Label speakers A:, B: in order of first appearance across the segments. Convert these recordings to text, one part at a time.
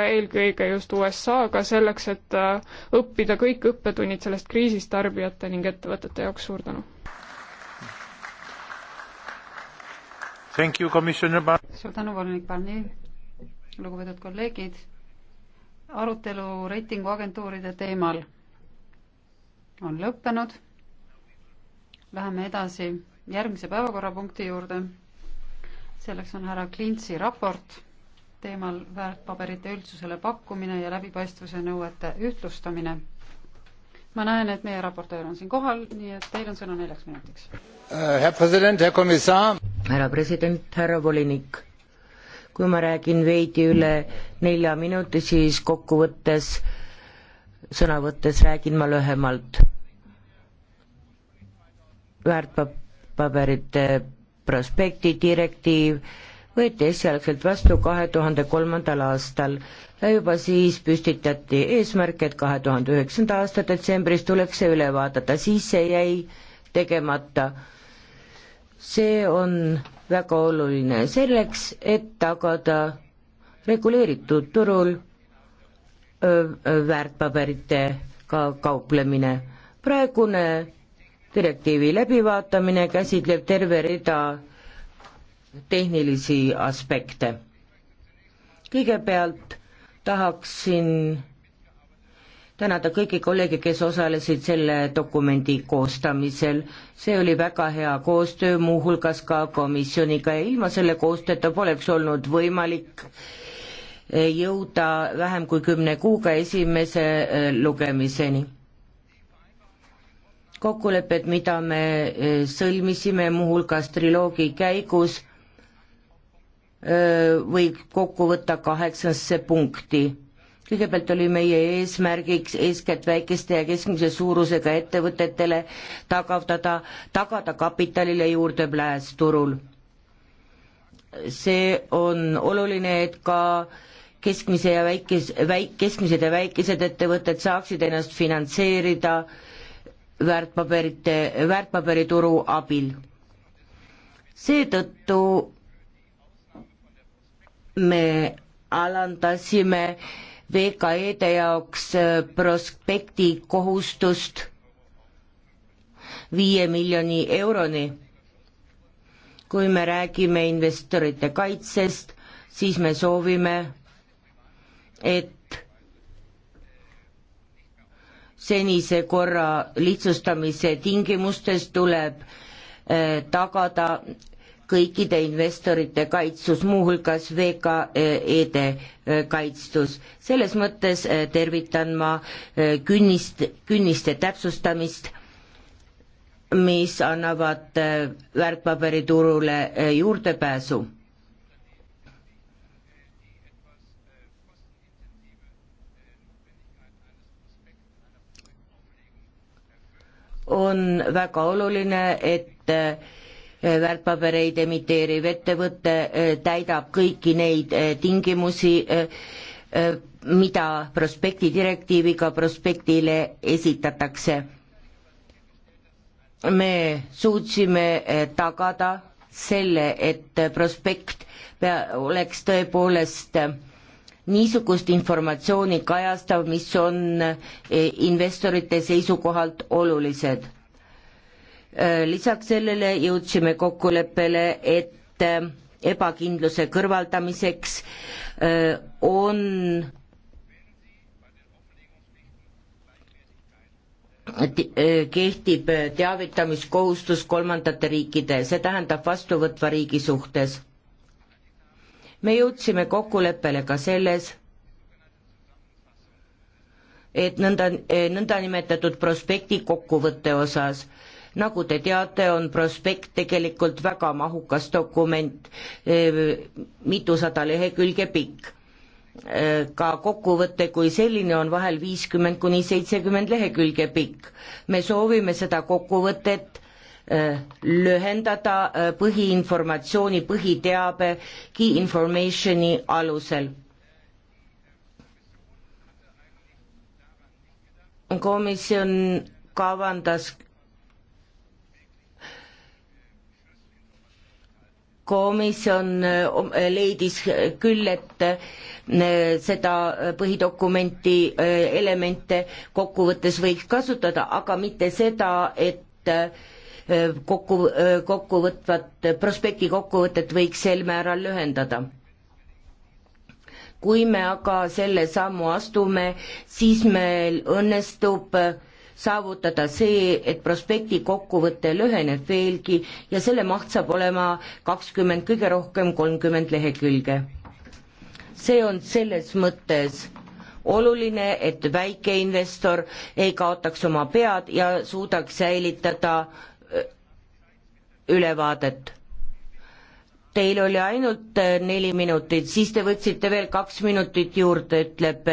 A: eelkõige just USA-ga selleks, et äh, õppida kõik õppetunnid sellest kriisist tarbijate ning ettevõtete jaoks, suur tänu!
B: suur tänu, volinik Barnier, lugupeetud kolleegid, arutelu reitinguagentuuride teemal on lõppenud, läheme edasi järgmise päevakorrapunkti juurde, selleks on härra Klintsi raport teemal väärtpaberite üldsusele pakkumine ja läbipaistvuse nõuete ühtlustamine. ma näen, et meie raportöör on siin kohal, nii et teil on sõna neljaks minutiks.
C: härra äh, president, härra komissar. härra president, härra volinik. kui ma räägin veidi üle nelja minuti, siis kokkuvõttes, sõna võttes räägin ma lühemalt. väärtpaberite prospekti direktiiv võeti esialgselt vastu kahe tuhande kolmandal aastal ja juba siis püstitati eesmärk, et kahe tuhande üheksanda aasta detsembris tuleks see üle vaadata, siis see jäi tegemata. see on väga oluline selleks, et tagada reguleeritud turul väärtpaberitega kauplemine. praegune direktiivi läbivaatamine käsitleb terve rida tehnilisi aspekte. kõigepealt tahaksin tänada kõiki kolleege, kes osalesid selle dokumendi koostamisel. see oli väga hea koostöö, muuhulgas ka komisjoniga ja ilma selle koostööta poleks olnud võimalik jõuda vähem kui kümne kuuga esimese äh, lugemiseni. kokkulepped, mida me äh, sõlmisime muuhulgas triloogi käigus võib kokku võtta kaheksasse punkti. kõigepealt oli meie eesmärgiks eeskätt väikeste ja keskmise suurusega ettevõtetele tagavdada, tagada kapitalile juurdepääs turul. see on oluline, et ka keskmise ja väikes, väik-, keskmised ja väikesed ettevõtted saaksid ennast finantseerida väärtpaberite, väärtpaberituru abil. seetõttu me alandasime VKE-de jaoks äh, prospekti kohustust viie miljoni euroni. kui me räägime investorite kaitsest, siis me soovime, et senise korra lihtsustamise tingimustes tuleb äh, tagada kõikide investorite kaitstus, muuhulgas VKE-de kaitstus. selles mõttes äh, tervitan ma äh, künnist, künniste täpsustamist, mis annavad äh, väärtpaberiturule juurdepääsu. on väga oluline, et väärtpabereid emiteeriv ettevõte eh, täidab kõiki neid eh, tingimusi, eh, mida prospekti direktiiviga prospektile esitatakse. me suutsime tagada selle, et prospekt pea, oleks tõepoolest niisugust informatsiooni kajastav, mis on investorite seisukohalt olulised Äh, lisaks sellele jõudsime kokkuleppele, et äh, ebakindluse kõrvaldamiseks äh, on kehtib teavitamiskohustus kolmandate riikide, see tähendab vastuvõtva riigi suhtes. me jõudsime kokkuleppele ka selles, et nõnda, nõndanimetatud prospekti kokkuvõtte osas nagu te teate, on prospekt tegelikult väga mahukas dokument, e, mitusada lehekülge pikk. E, ka kokkuvõte kui selline on vahel viiskümmend kuni seitsekümmend lehekülge pikk. me soovime seda kokkuvõtet e, lühendada põhiinformatsiooni, põhiteabe, key information'i alusel. komisjon kavandas komisjon eh, leidis küll, et eh, seda põhidokumenti eh, elemente kokkuvõttes võiks kasutada, aga mitte seda, et kokku, kokkuvõtvat, prospekti kokkuvõtet võiks sel määral lühendada. kui me aga selle sammu astume, siis meil õnnestub äh, saavutada see, et prospekti kokkuvõte lüheneb veelgi ja selle maht saab olema kakskümmend, kõige rohkem kolmkümmend lehekülge. see on selles mõttes oluline, et väikeinvestor ei kaotaks oma pead ja suudaks säilitada ülevaadet. Teil oli ainult neli minutit, siis te võtsite veel kaks minutit juurde, ütleb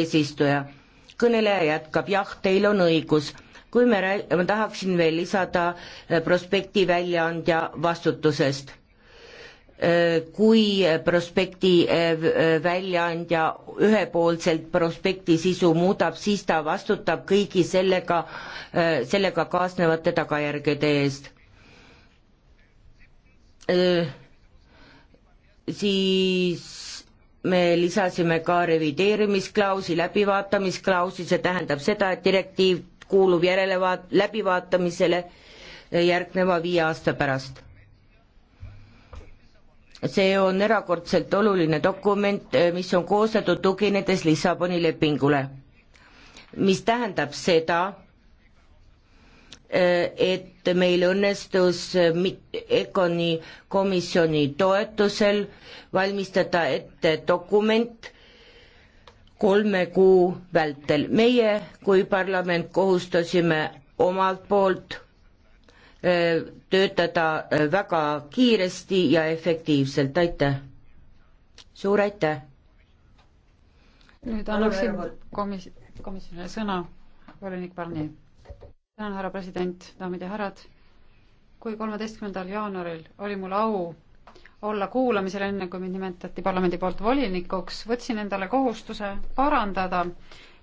C: eesistuja kõneleja jätkab, jah, teil on õigus kui me rää-, ma tahaksin veel lisada eh, prospekti väljaandja vastutusest. Eh, kui prospekti eh, väljaandja ühepoolselt prospekti sisu muudab, siis ta vastutab kõigi sellega, sellega kaasnevate tagajärgede eest. siis me lisasime ka revideerimisklausli, läbivaatamisklausli, see tähendab seda, et direktiiv kuulub järelevaat-, läbivaatamisele järgneva viie aasta pärast. see on erakordselt oluline dokument, mis on koostatud tuginedes Lissaboni lepingule, mis tähendab seda, Äh, et meil õnnestus EKONi komisjoni toetusel valmistada ette dokument kolme kuu vältel. meie kui parlament kohustasime omalt poolt äh, töötada äh, väga kiiresti ja efektiivselt, aitäh! suur aitäh!
A: nüüd
B: annaksin komis-, komisjonile sõna, volinik Barnier tänan, härra president, daamid ja härrad. kui kolmeteistkümnendal jaanuaril oli mul au olla kuulamisel, enne kui mind nimetati parlamendi poolt volinikuks, võtsin endale kohustuse parandada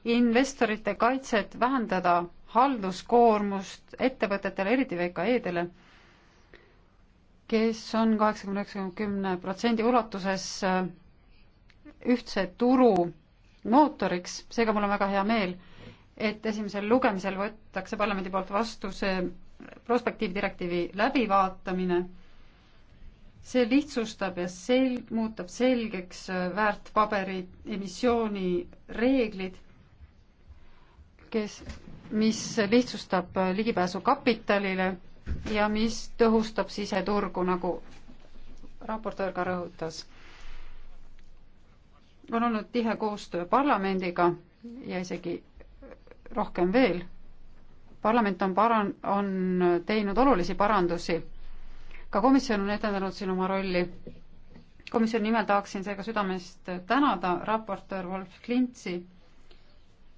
B: investorite kaitset, vähendada halduskoormust ettevõtetele, eriti VKE-dele, kes on kaheksakümne, üheksakümne protsendi ulatuses äh, ühtse turu mootoriks, seega mul on väga hea meel et esimesel lugemisel võetakse parlamendi poolt vastu see prospektiivdirektiivi läbivaatamine, see lihtsustab ja sel-, muutab selgeks äh, väärtpaberi emissiooni reeglid, kes, mis lihtsustab äh, ligipääsu kapitalile ja mis tõhustab siseturgu, nagu raportöör ka rõhutas. on olnud tihe koostöö parlamendiga ja isegi rohkem veel. parlament on paran-, on teinud olulisi parandusi. ka komisjon on edendanud siin oma rolli. komisjoni nimel tahaksin seega südamest tänada raportöör Wolf Klintsi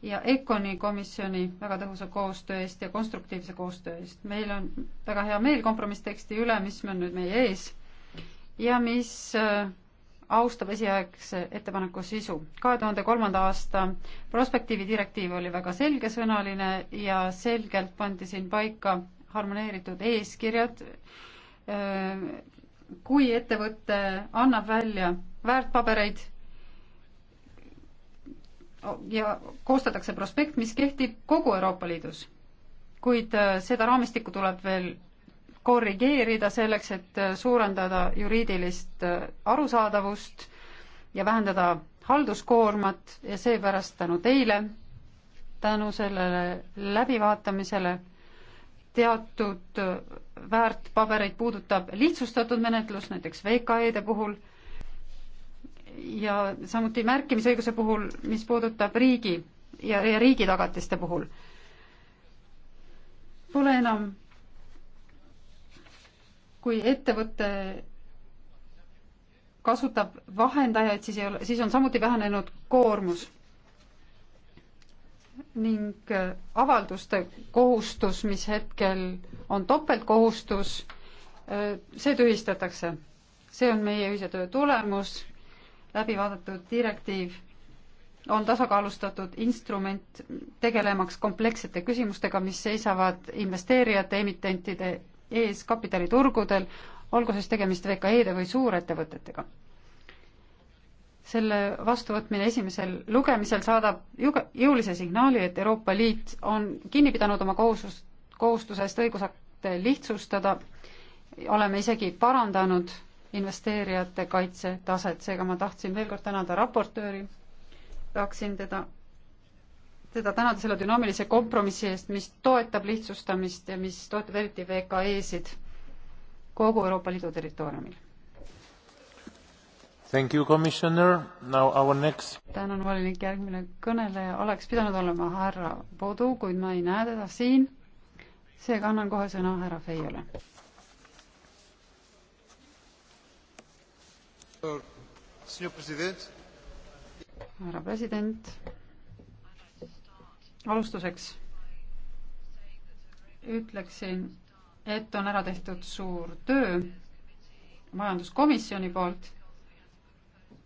B: ja ECONi komisjoni väga tõhusa koostöö eest ja konstruktiivse koostöö eest. meil on väga hea meel kompromissteksti üle, mis on nüüd meie ees ja mis äh, austab esialgse ettepaneku sisu. kahe tuhande kolmanda aasta prospektiivi direktiiv oli väga selgesõnaline ja selgelt pandi siin paika harmoneeritud eeskirjad. kui ettevõte annab välja väärtpabereid ja koostatakse prospekt, mis kehtib kogu Euroopa Liidus, kuid seda raamistikku tuleb veel korrigeerida selleks, et suurendada juriidilist äh, arusaadavust ja vähendada halduskoormat ja seepärast tänu teile, tänu sellele läbivaatamisele teatud äh, väärtpabereid puudutab lihtsustatud menetlus, näiteks VKE-de puhul, ja samuti märkimisõiguse puhul, mis puudutab riigi ja, ja riigi tagatiste puhul. Pole enam kui ettevõte kasutab vahendajaid, siis ei ole, siis on samuti vähenenud koormus ning äh, avalduste kohustus, mis hetkel on topeltkohustus, äh, see tühistatakse. see on meie ühise töö tulemus, läbi vaadatud direktiiv on tasakaalustatud instrument tegelemaks komplekssete küsimustega, mis seisavad investeerijate, emitentide ees kapitaliturgudel, olgu siis tegemist VKE-de või suurettevõtetega. selle vastuvõtmine esimesel lugemisel saadab juga, jõulise signaali, et Euroopa Liit on kinni pidanud oma kohustust, kohustusest õigusakte lihtsustada, oleme isegi parandanud investeerijate kaitse taset, seega ma tahtsin veel kord tänada raportööri, tahaksin teda teda tänada selle dünaamilise kompromissi eest, mis toetab lihtsustamist ja mis toetab eriti VKE-sid kogu Euroopa Liidu territooriumil. Thank you, commissioner, now our next. tänan, volinik, järgmine kõneleja oleks pidanud olema härra Bodu, kuid ma ei näe teda siin. seega annan kohe sõna härra Feiole. härra president alustuseks ütleksin, et on ära tehtud suur töö majanduskomisjoni poolt.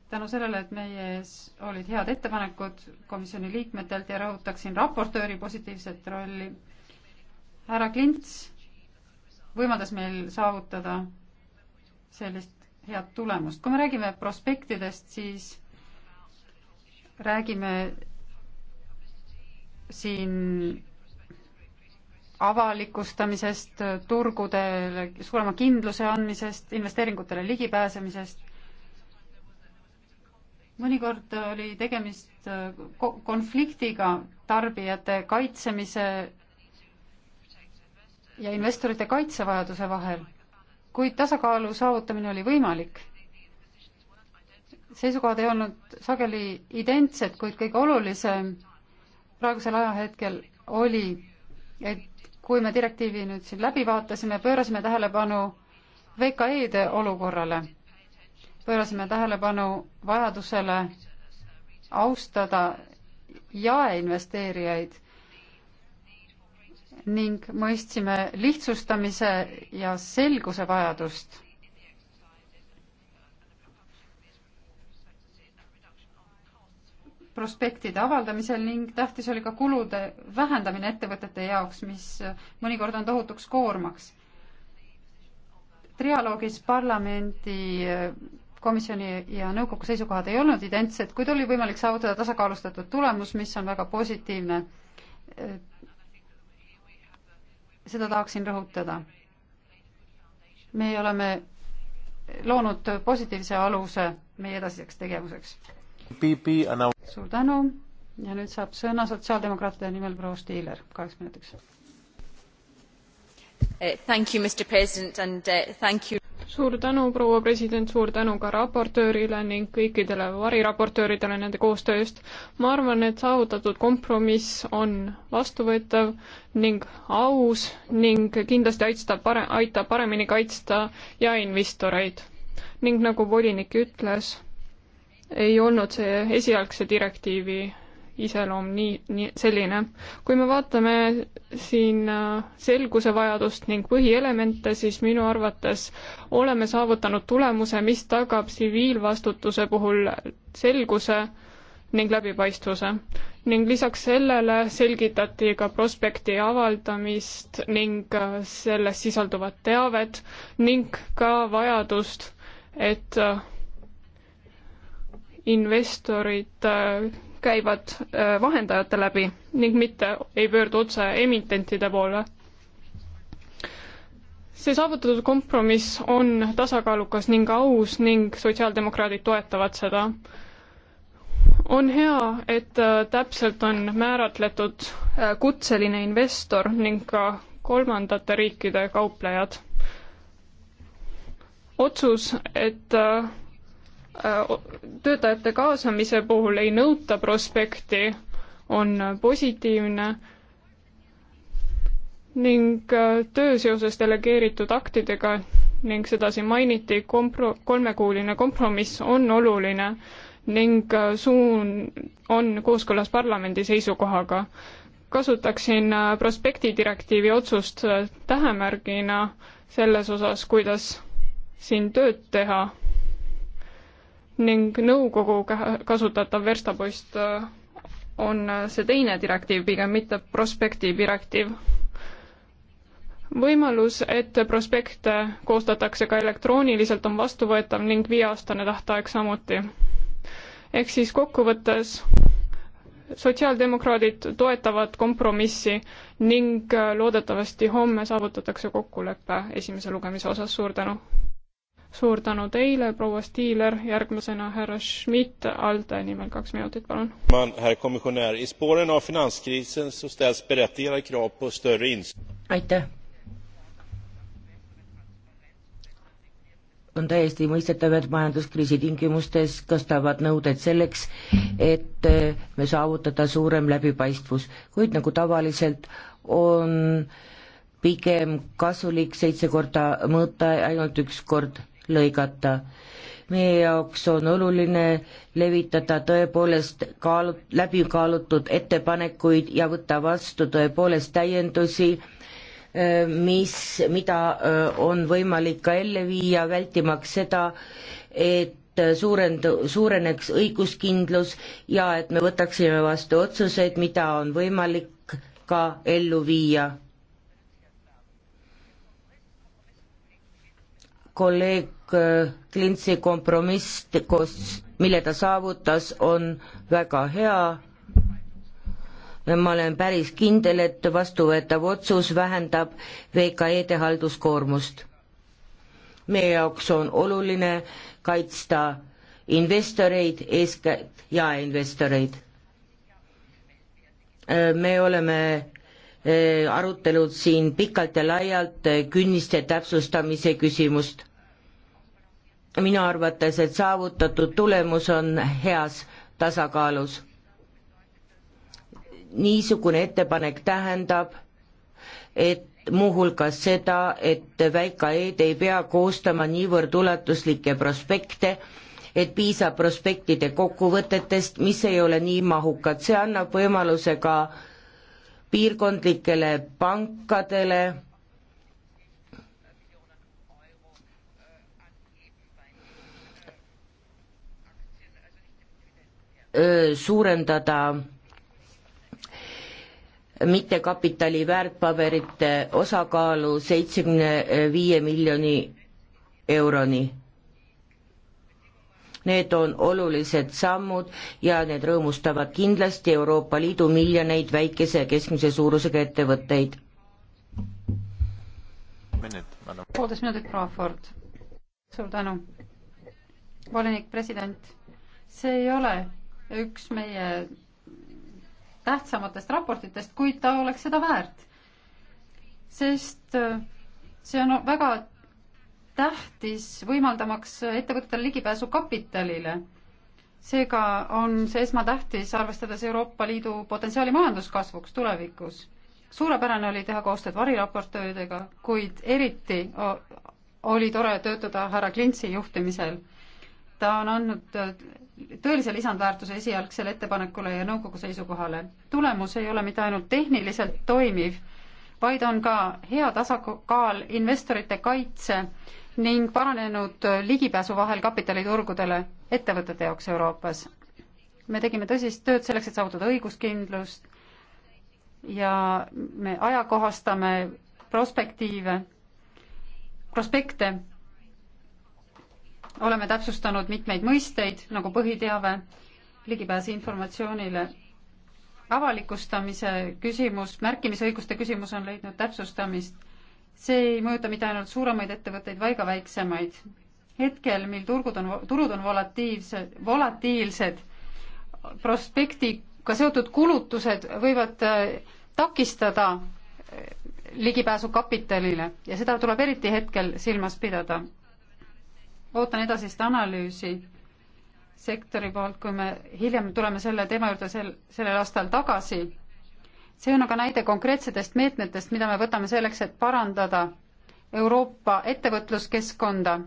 B: tänu sellele, et meie ees olid head ettepanekud komisjoni liikmetelt ja rõhutaksin raportööri positiivset rolli. härra Klints võimaldas meil saavutada sellist head tulemust. kui me räägime prospektidest, siis räägime siin avalikustamisest, turgudele suurema kindluse andmisest, investeeringutele ligipääsemisest. mõnikord oli tegemist äh, konfliktiga tarbijate kaitsemise ja investorite kaitsevajaduse vahel, kuid tasakaalu saavutamine oli võimalik. seisukohad ei olnud sageli identsed, kuid kõige olulisem praegusel ajahetkel oli, et kui me direktiivi nüüd siin läbi vaatasime, pöörasime tähelepanu VKE-de olukorrale, pöörasime tähelepanu vajadusele austada jaeinvesteerijaid ning mõistsime lihtsustamise ja selguse vajadust prospektide avaldamisel ning tähtis oli ka kulude vähendamine ettevõtete jaoks, mis mõnikord on tohutuks koormaks. trialoogis parlamendi äh, komisjoni ja nõukogu seisukohad ei olnud identsed, kuid oli võimalik saavutada tasakaalustatud tulemus, mis on väga positiivne. Äh, seda tahaksin rõhutada. me oleme loonud positiivse aluse meie edasiseks tegevuseks suur tänu ja nüüd saab sõna sotsiaaldemokraatide nimel proua Stiiler, kaheks minutiks.
A: Eh, thank you, Mr President and eh, thank you suur tänu, proua president, suur tänu ka raportöörile ning kõikidele variraportööridele nende koostöö eest. ma arvan, et saavutatud kompromiss on vastuvõetav ning aus ning kindlasti aitab pare-, aitab paremini kaitsta jaeinvestoreid. ning nagu volinik ütles ei olnud see esialgse direktiivi iseloom nii, nii selline. kui me vaatame siin äh, selguse vajadust ning põhielemente, siis minu arvates oleme saavutanud tulemuse, mis tagab tsiviilvastutuse puhul selguse ning läbipaistvuse. ning lisaks sellele selgitati ka prospekti avaldamist ning äh, selles sisalduvat teavet ning ka vajadust, et äh, investorid äh, käivad äh, vahendajate läbi ning mitte ei pöördu otse emitentide poole. see saavutatud kompromiss on tasakaalukas ning aus ning sotsiaaldemokraadid toetavad seda. on hea, et äh, täpselt on määratletud kutseline investor ning ka kolmandate riikide kauplejad. otsus, et töötajate kaasamise puhul ei nõuta prospekti, on positiivne ning äh, töö seoses delegeeritud aktidega ning sedasi mainiti, kompro-, kolmekuuline kompromiss on oluline ning äh, suun on kooskõlas parlamendi seisukohaga. kasutaksin äh, prospekti direktiivi otsust tähemärgina selles osas, kuidas siin tööd teha ning nõukogu kasutatav verstapost äh, on äh, see teine direktiiv, pigem mitte prospekti direktiiv. võimalus, et prospekte koostatakse ka elektrooniliselt, on vastuvõetav ning viieaastane tähtaeg samuti. ehk siis kokkuvõttes sotsiaaldemokraadid toetavad kompromissi ning äh, loodetavasti homme saavutatakse kokkulepe esimese lugemise osas, suur tänu! suur tänu teile, proua Stiiler, järgmisena härra Schmidt, ALDE nimel kaks minutit, palun.
C: aitäh. on täiesti mõistetav, et majanduskriisi tingimustes tõstavad nõuded selleks, et eh, me saavutada suurem läbipaistvus, kuid nagu tavaliselt on pigem kasulik seitse korda mõõta ainult üks kord lõigata. meie jaoks on oluline levitada tõepoolest kaalu-, läbikaalutud ettepanekuid ja võtta vastu tõepoolest täiendusi, mis, mida on võimalik ka ellu viia, vältimaks seda, et et suurend-, suureneks õiguskindlus ja et me võtaksime vastu otsuseid, mida on võimalik ka ellu viia. kolleeg äh, Klintsi kompromiss, koos, mille ta saavutas, on väga hea. ma olen päris kindel, et vastuvõetav otsus vähendab VKE-de halduskoormust. meie jaoks on oluline kaitsta investoreid, eeskätt jaeinvestoreid. Äh, me oleme Eh, arutelud siin pikalt ja laialt eh, künniste täpsustamise küsimust. minu arvates, et saavutatud tulemus on heas tasakaalus. niisugune ettepanek tähendab, et muuhulgas seda, et väikaeed ei pea koostama niivõrd ulatuslikke prospekte, et piisab prospektide kokkuvõtetest, mis ei ole nii mahukad, see annab võimaluse ka äh, piirkondlikele pankadele, suurendada mittekapitali väärtpaberite osakaalu seitsekümne viie miljoni euroni Need on olulised sammud ja need rõõmustavad kindlasti Euroopa Liidu miljoneid väikese ja keskmise suurusega ettevõtteid. poolteist minutit,
B: proua Ford. suur tänu. volinik, president, see ei ole üks meie tähtsamatest raportitest, kuid ta oleks seda väärt. sest äh, see on väga tähtis võimaldamaks ettevõtetel ligipääsu kapitalile. seega on see esmatähtis, arvestades Euroopa Liidu potentsiaali majanduskasvuks tulevikus. suurepärane oli teha koostööd variraportööridega, kuid eriti oli tore töötada härra Klintsi juhtimisel. ta on andnud äh, tõelise lisandväärtuse esialgsele ettepanekule ja nõukogu seisukohale. tulemus ei ole mitte ainult tehniliselt toimiv, vaid on ka hea tasakaal investorite kaitse ning paranenud ligipääsu vahel kapitaliturgudele ettevõtete jaoks Euroopas. me tegime tõsist tööd selleks, et saavutada õiguskindlust ja me ajakohastame prospektiive, prospekte, oleme täpsustanud mitmeid mõisteid, nagu põhiteave, ligipääs informatsioonile, avalikustamise küsimus, märkimisõiguste küsimus on leidnud täpsustamist see ei mõjuta mitte ainult suuremaid ettevõtteid, vaid ka väiksemaid. hetkel, mil turgud on, turud on volatiivse, volatiilsed, prospektiga seotud kulutused võivad äh, takistada äh, ligipääsu kapitalile ja seda tuleb eriti hetkel silmas pidada. ootan edasist analüüsi sektori poolt, kui me hiljem tuleme selle teema juurde sel, sellel aastal tagasi see on aga näide konkreetsetest meetmetest, mida me võtame selleks, et parandada Euroopa ettevõtluskeskkonda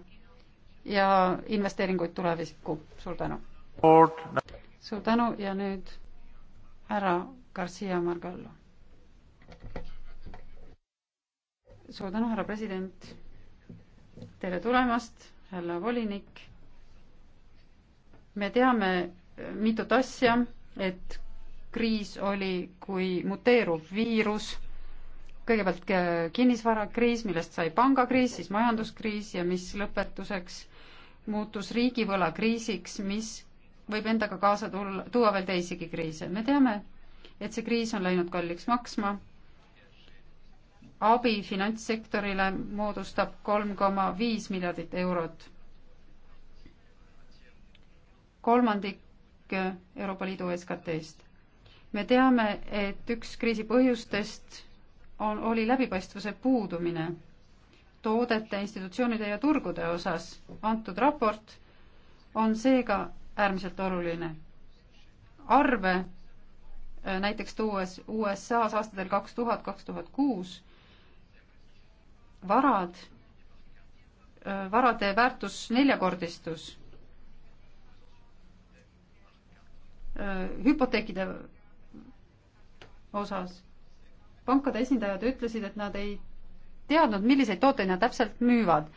B: ja investeeringuid tulevikku. suur tänu. suur tänu ja nüüd härra Garcia Margallo. suur tänu, härra president. tere tulemast, härra volinik. me teame mitut asja, et kriis oli kui muteeruv viirus, kõigepealt kinnisvarakriis, millest sai pangakriis, siis majanduskriis ja mis lõpetuseks muutus riigivõlakriisiks, mis võib endaga kaasa tulla, tuua veel teisigi kriise. me teame, et see kriis on läinud kalliks maksma, abi finantssektorile moodustab kolm koma viis miljardit eurot. kolmandik Euroopa Liidu SKT-st me teame, et üks kriisi põhjustest on, oli läbipaistvuse puudumine toodete, institutsioonide ja turgude osas. antud raport on seega äärmiselt oluline. arve äh, näiteks tuues USA-s aastatel kaks tuhat, kaks tuhat kuus varad, äh, varade väärtus neljakordistus, äh, hüpoteekide osas. pankade esindajad ütlesid, et nad ei teadnud, milliseid tooteid nad täpselt müüvad.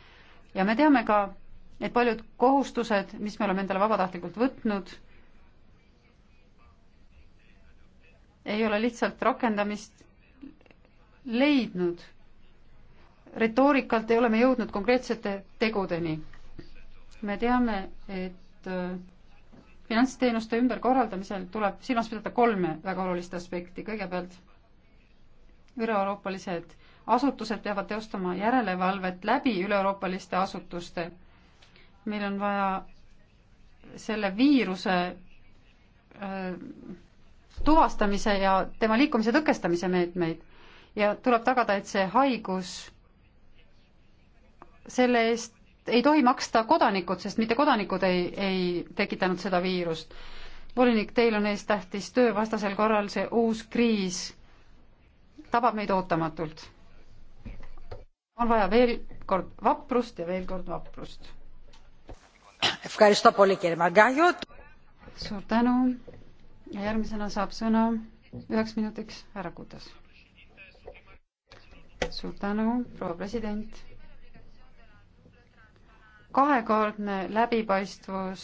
B: ja me teame ka, et paljud kohustused, mis me oleme endale vabatahtlikult võtnud, ei ole lihtsalt rakendamist leidnud. retoorikalt ei ole me jõudnud konkreetsete tegudeni. me teame, et äh, finantsteenuste ümberkorraldamisel tuleb silmas pidada kolme väga olulist aspekti, kõigepealt üle-euroopalised asutused peavad teostama järelevalvet läbi üle-euroopaliste asutuste. meil on vaja selle viiruse öö, äh, tuvastamise ja tema liikumise tõkestamise meetmeid ja tuleb tagada, et see haigus selle eest ei tohi maksta kodanikud, sest mitte kodanikud ei, ei tekitanud seda viirust. volinik, teil on ees tähtis töö, vastasel korral see uus kriis tabab meid ootamatult. on vaja veel kord vaprust ja veel kord vaprust. suur tänu ja järgmisena saab sõna üheks minutiks härra Kutas. suur tänu, proua president kahekordne läbipaistvus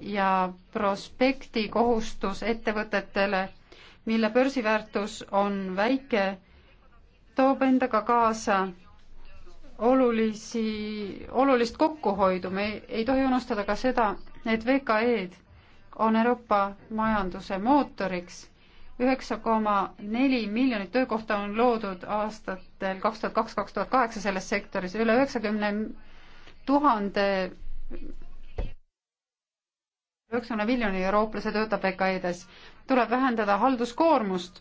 B: ja prospekti kohustus ettevõtetele, mille börsiväärtus on väike, toob endaga kaasa olulisi, olulist kokkuhoidu, me ei, ei tohi unustada ka seda, et VKE-d on Euroopa majanduse mootoriks. üheksa koma neli miljonit töökohta on loodud aastatel kaks tuhat kaks, kaks tuhat kaheksa selles sektoris, üle üheksakümne tuhande üheksakümne miljoni eurooplase töötab VKE-des. tuleb vähendada halduskoormust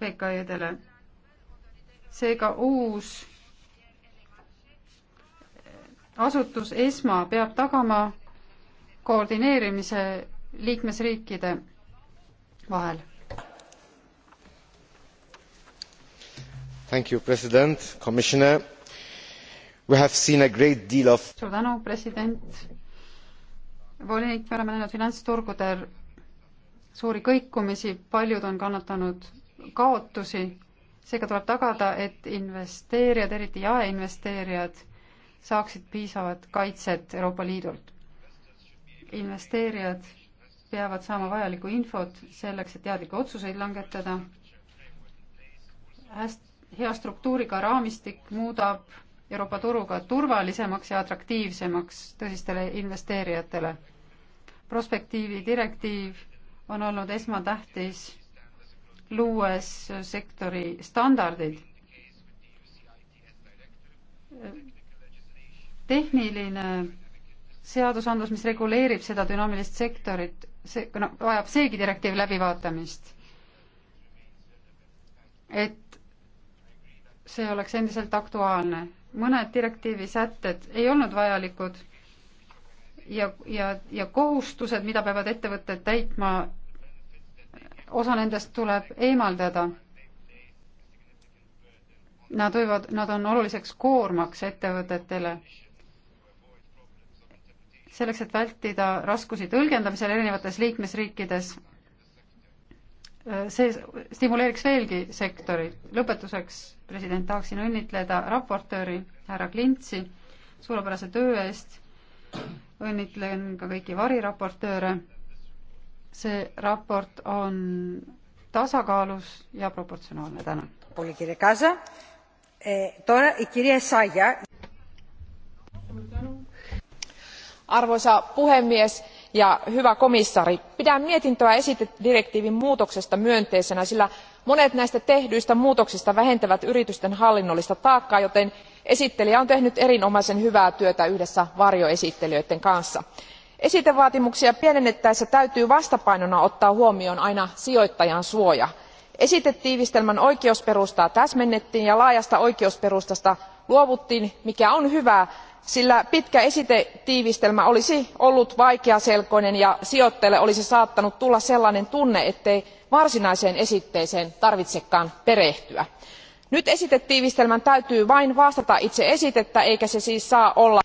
B: VKE-dele. seega uus asutus ESMA peab tagama koordineerimise liikmesriikide vahel.
A: Thank you, president, commissioner we have seen a great deal of
B: suur tänu, president. volinik, me oleme näinud finantsturgudel suuri kõikumisi, paljud on kannatanud kaotusi, seega tuleb tagada, et investeerijad, eriti jaeinvesteerijad, saaksid piisavat kaitset Euroopa Liidult. investeerijad peavad saama vajalikku infot selleks, et teadlikke otsuseid langetada. häst-, hea struktuuriga raamistik muudab Euroopa turuga turvalisemaks ja atraktiivsemaks tõsistele investeerijatele. prospektiivi direktiiv on olnud esmatähtis, luues sektori standardid. tehniline seadusandlus, mis reguleerib seda dünaamilist sektorit, see, no vajab seegi direktiiv läbivaatamist. et see oleks endiselt aktuaalne mõned direktiivi sätted ei olnud vajalikud ja, ja, ja kohustused, mida peavad ettevõtted täitma, osa nendest tuleb eemaldada. Nad võivad, nad on oluliseks koormaks ettevõtetele. selleks, et vältida raskusi tõlgendamisel erinevates liikmesriikides Äh, see stimuleeriks veelgi sektorit. lõpetuseks, president, tahaksin õnnitleda raportööri härra Klintsi suurepärase töö eest. õnnitlen ka kõiki variraportööre. see raport on tasakaalus ja proportsionaalne, tänan.
A: arvoisa puhemies ja hyvä komissaari pidän mietintöä esitedirektiivin muutoksesta myönteisenä sillä monet näistä tehdyistä muutoksista vähentävät yritysten hallinnollista taakkaa joten esittelijä on tehnyt erinomaisen hyvää työtä yhdessä varjoesittelijöiden kanssa. esitevaatimuksia pienennettäessä täytyy vastapainona ottaa huomioon aina sijoittajansuoja. esitetiivistelmän oikeusperustaa täsmennettiin ja laajasta oikeusperustasta luovuttiin mikä on hyvä sillä pitkä esitetiivistelmä olisi ollut vaikeaselkoinen ja sijoittajalle olisi saattanut tulla sellainen tunne ettei varsinaiseen esitteeseen tarvitsekaan perehtyä. nyt esitetiivistelmän täytyy vain vastata itse esitettä eikä se siis saa olla.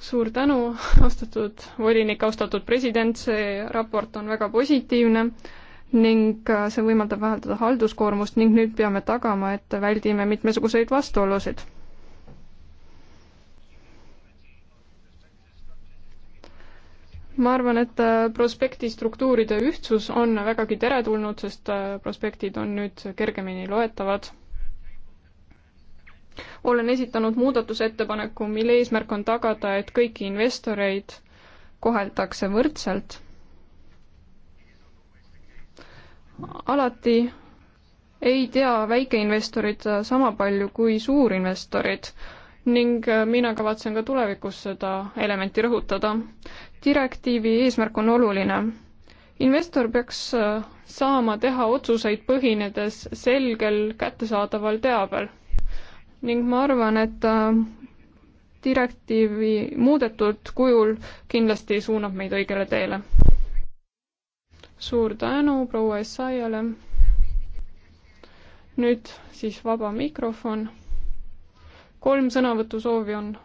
A: suur tänu austatud volinik austatud president see raport on väga positiivne ning see võimaldab vähendada halduskoormust ning nüüd peame tagama, et väldime mitmesuguseid vastuolusid. ma arvan, et äh, prospekti struktuuride ühtsus on vägagi teretulnud, sest äh, prospektid on nüüd kergemini loetavad olen esitanud muudatusettepaneku, mille eesmärk on tagada, et kõiki investoreid koheldakse võrdselt alati ei tea väikeinvestorid sama palju kui suurinvestorid ning mina kavatsen ka tulevikus seda elementi rõhutada. direktiivi eesmärk on oluline. investor peaks saama teha otsuseid põhinedes selgel kättesaadaval teabel ning ma arvan, et äh, direktiivi muudetud kujul kindlasti suunab meid õigele teele suur tänu proua Essayale. nüüd siis vaba mikrofon. kolm sõnavõtusoovi on.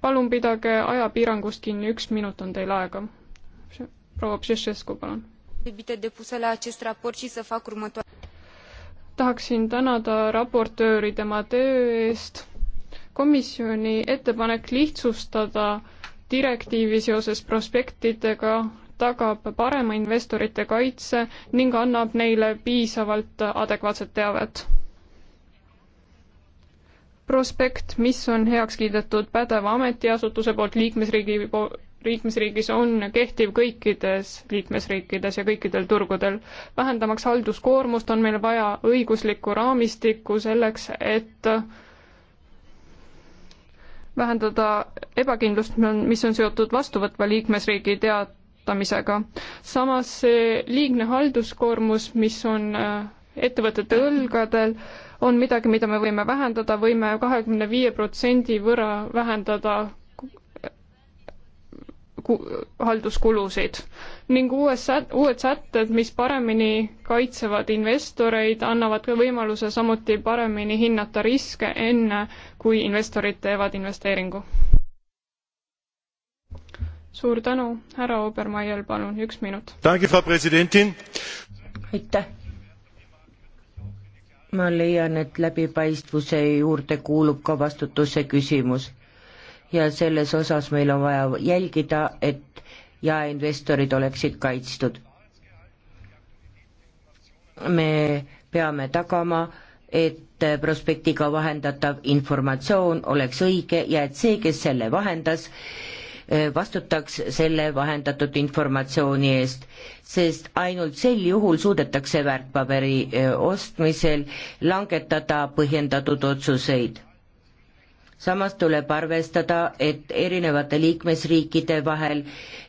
A: palun pidage ajapiirangust kinni, üks minut on teil aega. proua Pšešesku, palun. tahaksin tänada raportööri tema töö eest. komisjoni ettepanek lihtsustada direktiivi seoses prospektidega tagab parema investorite kaitse ning annab neile piisavalt adekvaatset teavet. prospekt, mis on heaks kiidetud pädeva ametiasutuse poolt liikmesriigi po-, liikmesriigis on kehtiv kõikides liikmesriikides ja kõikidel turgudel. vähendamaks halduskoormust, on meil vaja õiguslikku raamistikku selleks, et vähendada ebakindlust, mis on seotud vastuvõtva liikmesriigi teatamisega. samas see liigne halduskoormus, mis on äh, ettevõtete õlgadel, on midagi, mida me võime vähendada võime, võime kahekümne viie protsendi võrra vähendada halduskulusid ning uues, uued sätted, mis paremini kaitsevad investoreid, annavad ka võimaluse samuti paremini hinnata riske enne, kui investorid teevad investeeringu. suur tänu, härra Obermeier, palun, üks minut. aitäh
C: ma leian, et läbipaistvuse juurde kuulub ka vastutuse küsimus ja selles osas meil on vaja jälgida, et jaeinvestorid oleksid kaitstud. me peame tagama, et prospektiga vahendatav informatsioon oleks õige ja et see, kes selle vahendas, vastutaks selle vahendatud informatsiooni eest, sest ainult sel juhul suudetakse väärtpaberi eh, ostmisel langetada põhjendatud otsuseid samas tuleb arvestada, et erinevate liikmesriikide vahel,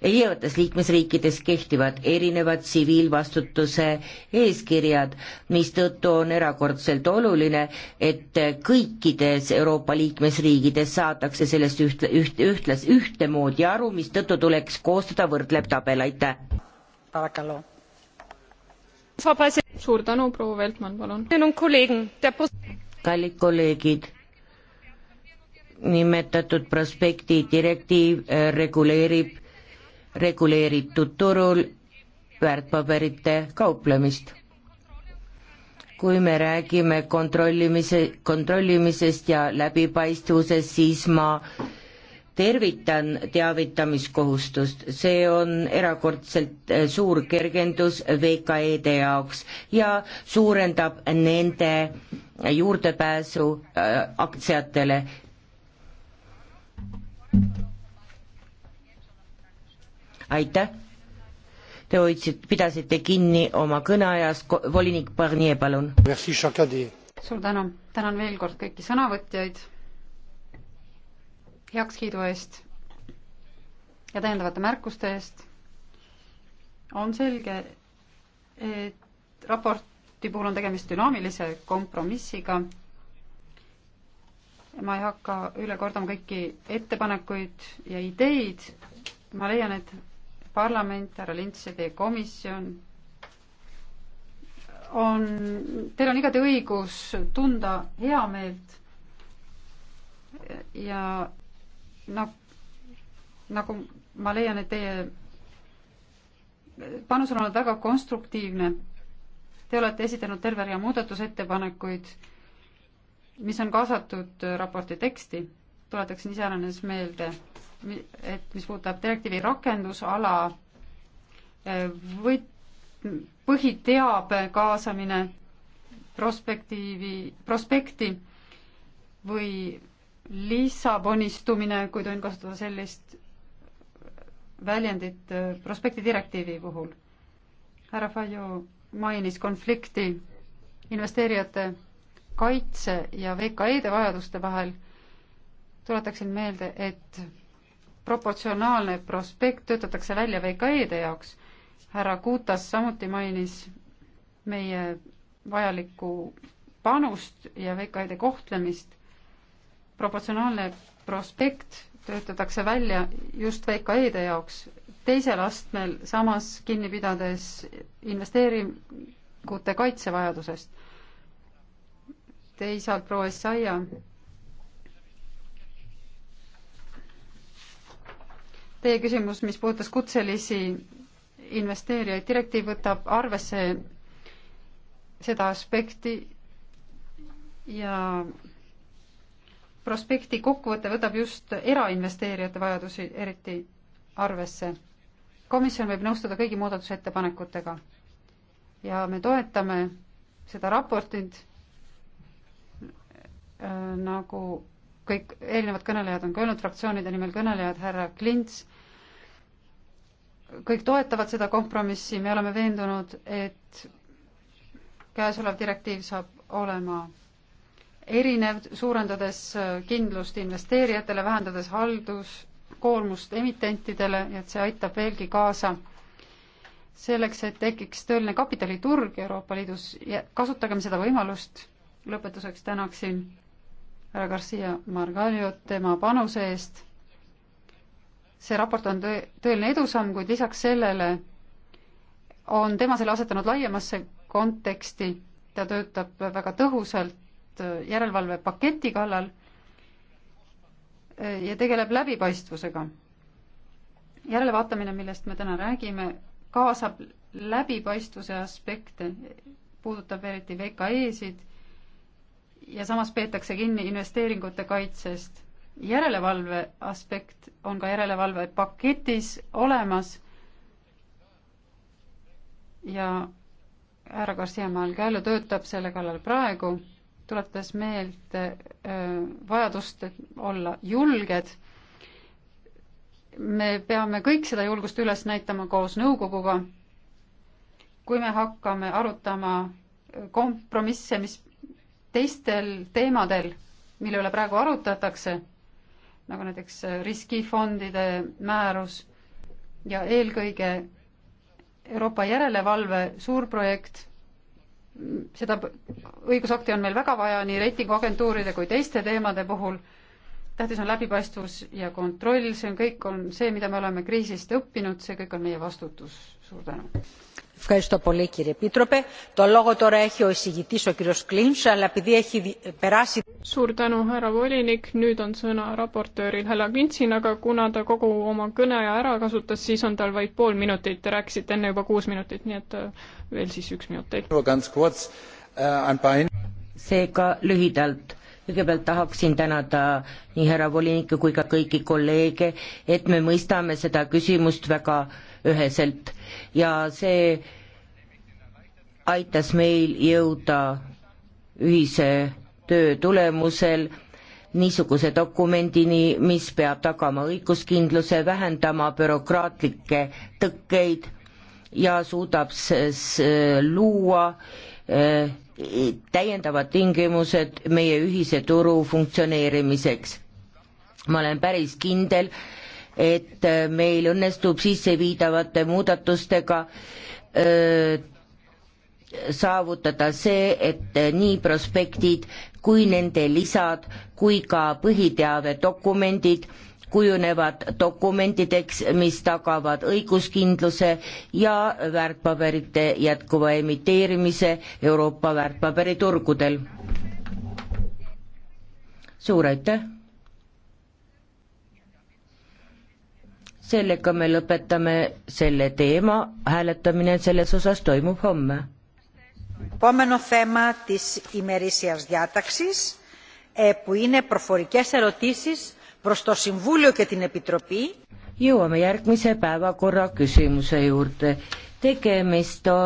C: erinevates liikmesriikides kehtivad erinevad tsiviilvastutuse eeskirjad, mistõttu on erakordselt oluline, et kõikides Euroopa liikmesriigides saadakse sellest üht, üht, ühtlas, ühtemoodi aru, mistõttu tuleks koostada võrdlev tabel, aitäh!
A: suur tänu, proua Veltmann, palun!
C: kallid kolleegid! nimetatud prospekti direktiiv eh, reguleerib, reguleeritud turul väärtpaberite kauplemist. kui me räägime kontrollimise, kontrollimisest ja läbipaistvusest, siis ma tervitan teavitamiskohustust, see on erakordselt eh, suur kergendus VKE-de jaoks ja suurendab nende juurdepääsu eh, aktsiatele. aitäh. Te hoidsite, pidasite kinni oma kõneajast, volinik Barnier, palun.
B: suur tänu, tänan veel kord kõiki sõnavõtjaid heakskiidu eest ja täiendavate märkuste eest. on selge, et raporti puhul on tegemist dünaamilise kompromissiga. ma ei hakka üle kordama kõiki ettepanekuid ja ideid. ma leian, et parlament, härra Lints ja teie komisjon on, teil on igati õigus tunda heameelt ja nagu, nagu ma leian, et teie panus on olnud väga konstruktiivne. Te olete esitanud terve rea muudatusettepanekuid, mis on kaasatud raporti teksti, tuletaksin iseäranis meelde et mis puudutab direktiivi rakendusala, eh, võit, põhiteabe kaasamine prospektiivi, prospekti või lissabonistumine, kui tohin kasutada sellist väljendit eh, prospekti direktiivi puhul. härra Fajo mainis konflikti investeerijate kaitse ja VKE-de vajaduste vahel. tuletaksin meelde, et proportsionaalne prospekt töötatakse välja VKE-de jaoks. härra Kutas samuti mainis meie vajalikku panust ja VKE-de kohtlemist. proportsionaalne prospekt töötatakse välja just VKE-de jaoks, teisel astmel samas kinni pidades investeeringute kaitsevajadusest. teisalt proua Essaia Teie küsimus, mis puudutas kutselisi investeerijaid, direktiiv võtab arvesse seda aspekti ja prospekti kokkuvõte võtab just erainvesteerijate vajadusi eriti arvesse. komisjon võib nõustuda kõigi muudatusettepanekutega ja me toetame seda raportit äh, nagu kõik erinevad kõnelejad on ka öelnud, fraktsioonide nimel kõnelejad, härra Klints, kõik toetavad seda kompromissi, me oleme veendunud, et käesolev direktiiv saab olema erinev, suurendades kindlust investeerijatele, vähendades halduskoormust emitentidele ja et see aitab veelgi kaasa selleks, et tekiks tõeline kapitaliturg Euroopa Liidus ja kasutagem seda võimalust. lõpetuseks tänaksin härra Garcia Margaliot tema panuse eest. see raport on tõe, tõeline edusamm, kuid lisaks sellele on tema selle asetanud laiemasse konteksti, ta töötab väga tõhusalt järelevalvepaketi kallal ja tegeleb läbipaistvusega. järelevaatamine, millest me täna räägime, kaasab läbipaistvuse aspekte, puudutab eriti VKE-sid ja samas peetakse kinni investeeringute kaitsest. järelevalve aspekt on ka järelevalvepaketis olemas ja härra Garcia Malgallo töötab selle kallal praegu, tuletas meelde äh, vajadust olla julged. me peame kõik seda julgust üles näitama koos nõukoguga. kui me hakkame arutama kompromisse, mis teistel teemadel, mille üle praegu arutatakse, nagu näiteks riskifondide määrus ja eelkõige Euroopa järelevalve suurprojekt, seda õigusakti on meil väga vaja nii reitinguagentuuride kui teiste teemade puhul, tähtis on läbipaistvus ja kontroll, see on kõik, on see, mida me oleme kriisist õppinud, see kõik on meie vastutus, suur tänu. Ευχαριστώ πολύ κύριε Επίτροπε.
A: Το λόγο τώρα έχει ο εισηγητής ο κύριος Κλίνς, αλλά επειδή έχει περάσει... Suur tänu, härra volinik, nüüd on sõna raportööril härra Klintsin, aga kuna ta kogu oma kõneaja ära kasutas, siis on tal vaid pool minutit, te rääkisite enne juba kuus minutit, nii et äh, veel siis üks minut
C: teil. Äh, seega lühidalt kõigepealt tahaksin tänada nii härra volinikke kui ka kõiki kolleege, et me mõistame seda küsimust väga üheselt ja see aitas meil jõuda ühise töö tulemusel niisuguse dokumendini, mis peab tagama õiguskindluse, vähendama bürokraatlikke tõkkeid ja suudab siis luua eh, täiendavad tingimused meie ühise turu funktsioneerimiseks. ma olen päris kindel, et meil õnnestub sisseviidavate muudatustega öö, saavutada see, et nii prospektid kui nende lisad kui ka põhiteavedokumendid kujunevad dokumentideks, mis tagavad õiguskindluse ja väärtpaberite jätkuva emiteerimise Euroopa väärtpaberiturgudel. suur aitäh! sellega me lõpetame selle teema, hääletamine selles osas toimub homme. Επόμενο θέμα της ημερήσιας διάταξης ε, που είναι προφορικές ερωτήσεις προς το Συμβούλιο και την Επιτροπή. Jõuame järgmise päevakorra küsimuse juurde. Tegemist on